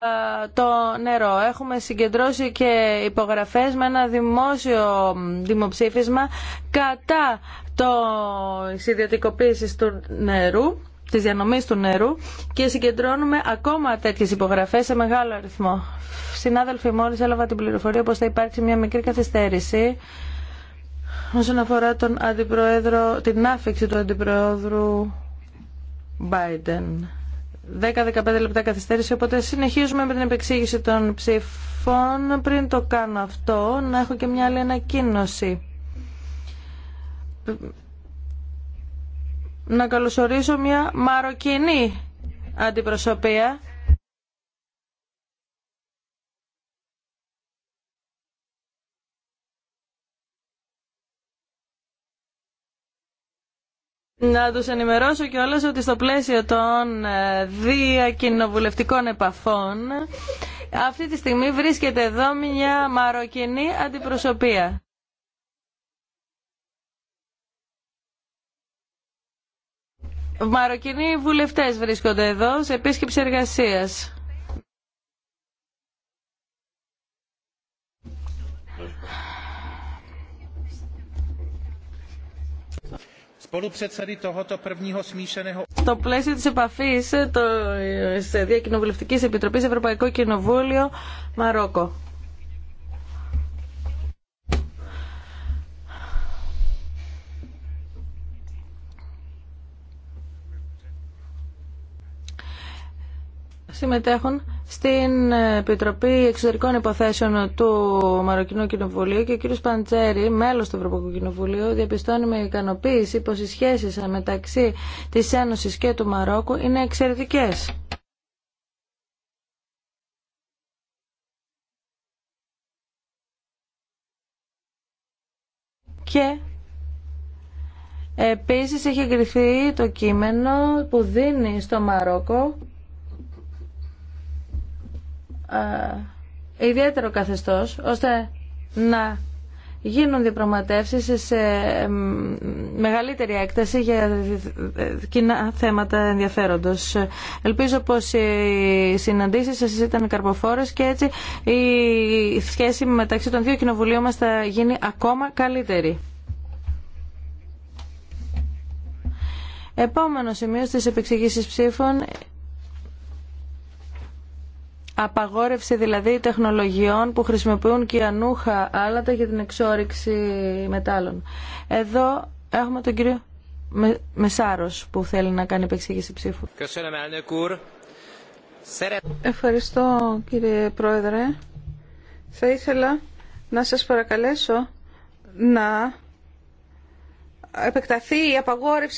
Ε, το νερό. Έχουμε συγκεντρώσει και υπογραφές με ένα δημόσιο δημοψήφισμα κατά το ιδιωτικοποίηση του νερού της διανομής του νερού και συγκεντρώνουμε ακόμα τέτοιες υπογραφές σε μεγάλο αριθμό. Συνάδελφοι, μόλις έλαβα την πληροφορία πως θα υπάρξει μια μικρή καθυστέρηση όσον αφορά τον αντιπροέδρο, την άφηξη του αντιπροέδρου Biden. 10-15 λεπτά καθυστέρηση, οπότε συνεχίζουμε με την επεξήγηση των ψηφών. Πριν το κάνω αυτό, να έχω και μια άλλη ανακοίνωση. Να καλωσορίσω μια μαροκινή αντιπροσωπεία Να τους ενημερώσω κιόλας ότι στο πλαίσιο των ε, διακοινοβουλευτικών επαφών αυτή τη στιγμή βρίσκεται εδώ μια μαροκινή αντιπροσωπεία. Μαροκινοί βουλευτές βρίσκονται εδώ σε επίσκεψη εργασίας. Στο πλαίσιο της επαφής ε, της ε, Διακοινοβουλευτικής Επιτροπής Ευρωπαϊκό Κοινοβούλιο Μαρόκο. Συμμετέχουν στην Επιτροπή Εξωτερικών Υποθέσεων του Μαροκινού Κοινοβουλίου και ο κ. Παντσέρη, μέλος του Ευρωπαϊκού Κοινοβουλίου, διαπιστώνει με ικανοποίηση πω οι σχέσει μεταξύ τη Ένωση και του Μαρόκου είναι εξαιρετικέ. Και επίσης έχει εγκριθεί το κείμενο που δίνει στο Μαρόκο ε, ιδιαίτερο καθεστώς ώστε να γίνουν διαπραγματεύσεις σε μεγαλύτερη έκταση για κοινά θέματα ενδιαφέροντος. Ελπίζω πως οι συναντήσεις σας ήταν καρποφόρες και έτσι η σχέση μεταξύ των δύο κοινοβουλίων μας θα γίνει ακόμα καλύτερη. Επόμενο σημείο στις επεξηγήσεις ψήφων Απαγόρευση δηλαδή τεχνολογιών που χρησιμοποιούν και ανούχα άλατα για την εξόριξη μετάλλων. Εδώ έχουμε τον κύριο Μεσάρος που θέλει να κάνει επεξήγηση ψήφου. Ευχαριστώ κύριε Πρόεδρε. Θα ήθελα να σας παρακαλέσω να επεκταθεί η απαγόρευση